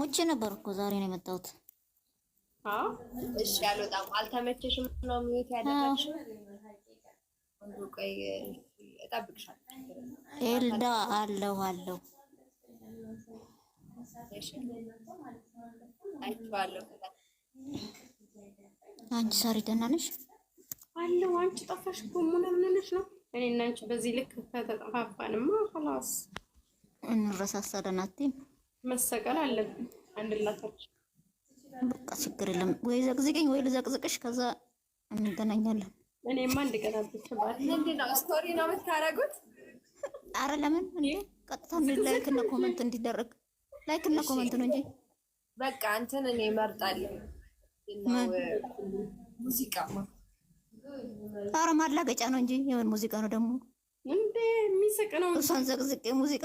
ውጭ ነበር እኮ ዛሬ ነው የመጣሁት። እሺ አልወጣም። አልተመቸሽም ነው ሚት ያደረግሽ? ቆይ እጠብቅሻለሁ። ኤልዳ አለሁ አለሁ አይቼዋለሁ። አንቺ ሳሪ ደህና ነሽ? አለሁ። አንቺ ጠፋሽ እኮ ምናምን ነሽ ነው። እኔ እና አንቺ በዚህ ልክ ከተጠፋፋንማ ኸላስ እንረሳሳለን። አትይም መሰቀል አለብን። አንድ ላታችን በቃ ችግር የለም ወይ ዘቅዝቅኝ ወይ ልዘቅዝቅሽ፣ ከዛ እንገናኛለን። እኔማ አንድ ቀን ነው ስቶሪ ነው የምታደርጉት? አረ ለምን እንዴ ቀጥታ ላይክ እና ኮመንት እንዲደረግ ላይክ እና ኮመንት ነው እንጂ በቃ እንትን እኔ እመርጣለሁ ሙዚቃ አረ ማላገጫ ነው እንጂ የምን ሙዚቃ ነው ደግሞ እንዴ የሚስቅ ነው እሷን ዘቅዝቄ ሙዚቃ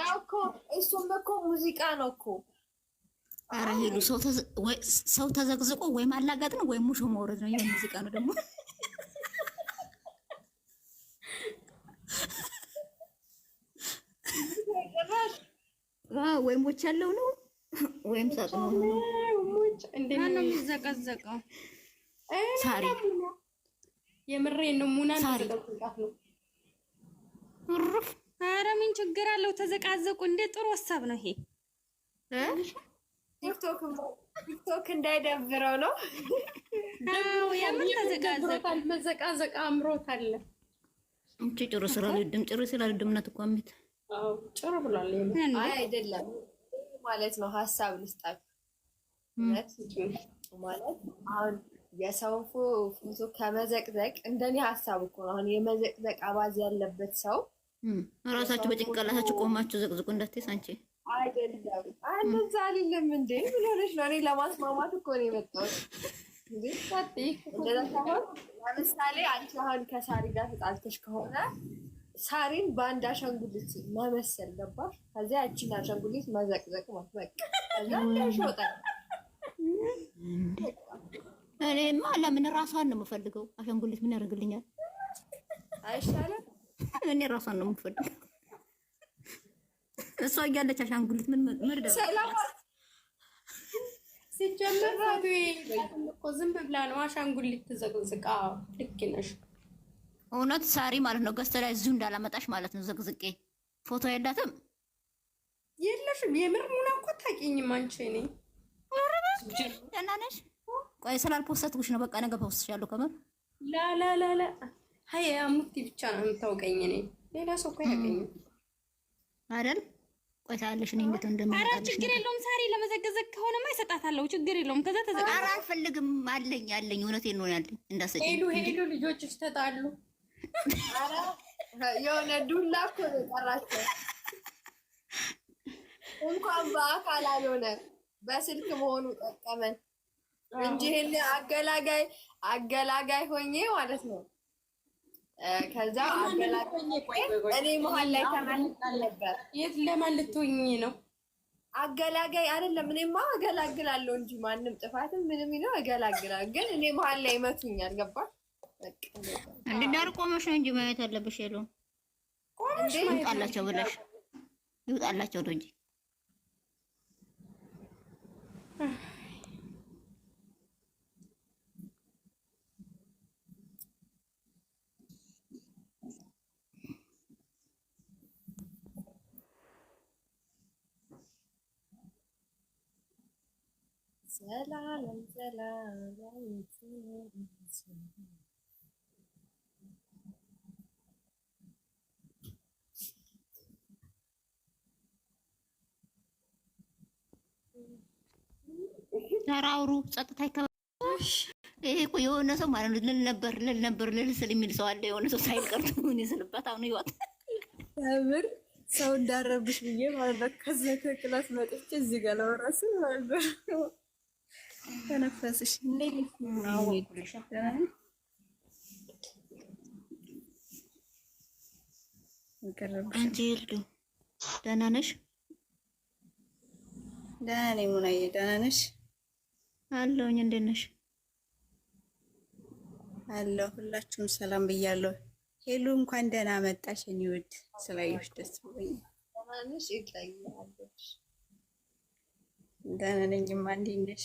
ያው እኮ እሱም እኮ ሙዚቃ ነው እኮ። ሰው ተዘቅዝቆ ወይም አላጋጥ ነው ወይም ሙሾ መውረድ ነው። ይሄ ሙዚቃ ነው ደግሞ ወይም ሞች ያለው ነው ወይም ሳጥ ነው ነው ነው የሚዘቀዘቀው። ሳሪ የምሬን ነው ሙና ነው ሩፍ አረ ምን ችግር አለው? ተዘቃዘቁ። እንደ ጥሩ ሀሳብ ነው ይሄ። ቲክቶክ እንዳይደብረው ነው። የምን ተዘቃዘቁ። መዘቃዘቅ አምሮት አለ እንጂ ጭሩ ስላልወድም ጭሩ ስላልወድም ናት እኮ አሜት ጭሩ ብሏል። አይደለም ማለት ነው። ሀሳብ ልስጣችሁ ማለት አሁን የሰው ፎቶ ከመዘቅዘቅ እንደኔ ሀሳብ እኮ ነው። አሁን የመዘቅዘቅ አባዝ ያለበት ሰው ራሳችሁ በጭንቅላታችሁ ቆማችሁ ዘቅዝቁ እንዳትይ ሳንቺ አይደለም እንደዛ አይደለም እንዴ ምን ሆነሽ ነው? እኔ ለማስማማት እኮ ነው የመጣሁት። ለምሳሌ አንቺ አሁን ከሳሪ ጋር ተጣልተሽ ከሆነ ሳሪን በአንድ አሻንጉሊት መመሰል ገባሽ? ከዚያ ያቺን አሻንጉሊት መዘቅዘቅ ማትበቅ እኔማ ለምን ራሷን ነው የምፈልገው። አሻንጉሊት ምን ያደርግልኛል? አይሻለም እኔ ራሷን ነው የምትፈልግ። እሷ እያለች አሻንጉሊት ምን ምርደ ሲጀምራቱ እኮ ዝም ብላ ነው አሻንጉሊት ትዘቅዝቃ። ልክ ነሽ፣ እውነት ሳሪ ማለት ነው። ገዝተ ላይ እዚሁ እንዳላመጣሽ ማለት ነው። ዘቅዝቄ ፎቶ የላትም የለሽም። የምር ሙና እኮ ታውቂኝም አንቺ። እኔ ደህና ነሽ? ቆይ ስላልፖሰትኩሽ ነው። በቃ ነገ ፖስትሻለሁ። ከምር ላላላላ ሀይ አሙቲ ብቻ ነው የምታውቀኝ። እኔ ሌላ ሰው እኮ ያገኘ አይደል? ቆይታለሽ እኔ እንዴት እንደምታውቀኝ። ኧረ ችግር የለውም ሳሪ ለመዘገዘግ ከሆነማ ይሰጣታለሁ። ችግር የለውም። ከዛ ተዘጋ። ኧረ አልፈልግም አለኝ አለኝ። እውነቴን ነው ያለኝ። እንዳሰጭ ሄዱ ሄዱ። ልጆችሽ ተጣሉ። ኧረ የሆነ ዱላ እኮ ነው የጠራቸው። እንኳን በአካል አልሆነ በስልክ መሆኑ ጠቀመን እንጂ ይሄን አገላጋይ አገላጋይ ሆኜ ማለት ነው ከዛ እኔ መሀል ላይ ተመልጣል ነበር። የት ለማን ልትሆኝ ነው? አገላጋይ አይደለም። እኔማ አገላግላለሁ እንጂ ማንም ጥፋትም ምንም ነው አገላግላ። ግን እኔ መሀል ላይ ይመቱኛል። ገባሽ? እንድዳር ቆመሽ ነው እንጂ ማየት አለብሽ። የለውም። ቆመሽ ይውጣላቸው ብለሽ ይውጣላቸው ነው እንጂ ዘላለም ዘላለም ተራውሩ ጸጥታ ይከባ። ይሄ እኮ የሆነ ሰው ማለት ነው ልል ነበር ልል ነበር ልል ስል የሚል ሰው አለ። የሆነ ሰው ሳይቀርቱ ምን ይስልበት አሁን ይወጣ ታምር ሰው እንዳረብሽ ብዬ ማለት ነው። ከዛ ከክላስ መጥቼ እዚህ ጋር ለወራስ ማለት ነው ተነፈስሽ አንቺ ይልዱ ደህና ነሽ? ደህና ነኝ ሙናዬ፣ ደህና ነሽ? አለሁኝ። እንዴት ነሽ? አለሁ። ሁላችሁም ሰላም ብያለሁ። ሄሉ እንኳን ደህና መጣሽ። እኔ ውድ ስላየሁሽ ደስ ብሎኛል። ደህና ነኝማ። እንዴት ነሽ?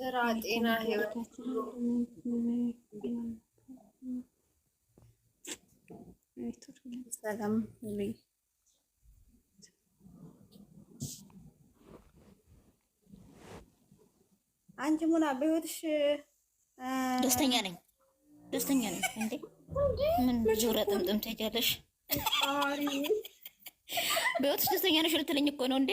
ስራ፣ ጤና፣ ህይወት ሰላም አንቺ ሙና በህይወትሽ ደስተኛ ነኝ፣ ደስተኛ ነኝ። እንዴ ምን ዙረ ጥምጥም ትሄጃለሽ? በህይወትሽ ደስተኛ ነሽ ልትለኝ እኮ ነው እንዴ?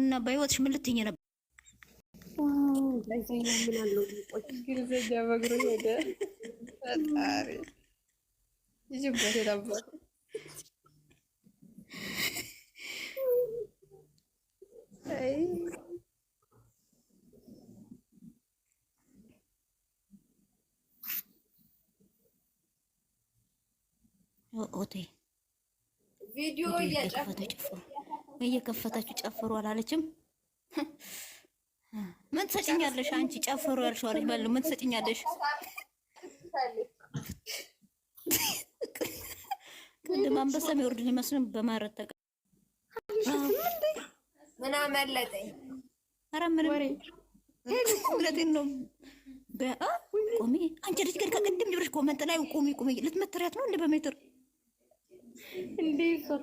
እና በህይወትሽ ምን ልትይኝ ነበር? ቪዲዮ እያጫፈ ተጨፈረ እየከፈታችሁ ጨፍሩ አላለችም? ምን ትሰጭኛለሽ አንቺ? ጨፍሩ ያልሸዋለች ባለ ምን ትሰጭኛለሽ? ቅድም አንበሳ የሚወርድ ሊመስልም በማረት ተቀ ምን አመለጠኝ። ኧረ ምንም እውነቴን ነው። ቁሚ አንቺ ልጅ ግን ከቅድም ኮመንት ላይ ልትመትሪያት ነው እንደ በሜትር እንዴ ሰው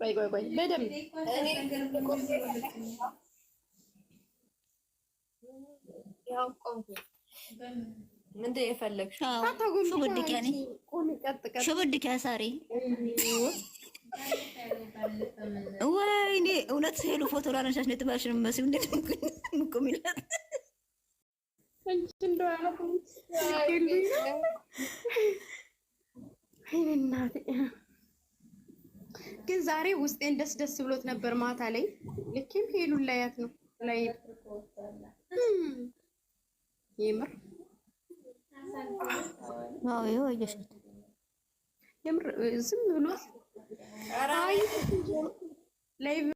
ቆይ ቆይ ቆይ በደምብ ምንድን የፈለግሽው? ሽብድቂያ ሳሪ ወይኔ እውነት ሄሉ ፎቶ ላነሳሽ ነው የተባልሽን መሲው እንዴት ምቁም ይላል። አይናት ግን ዛሬ ውስጤን ደስ ደስ ብሎት ነበር። ማታ ላይ ልኬም ሄሉን ላያት ነው ላይ hm! የምር የምር ዝም ብሎት አይ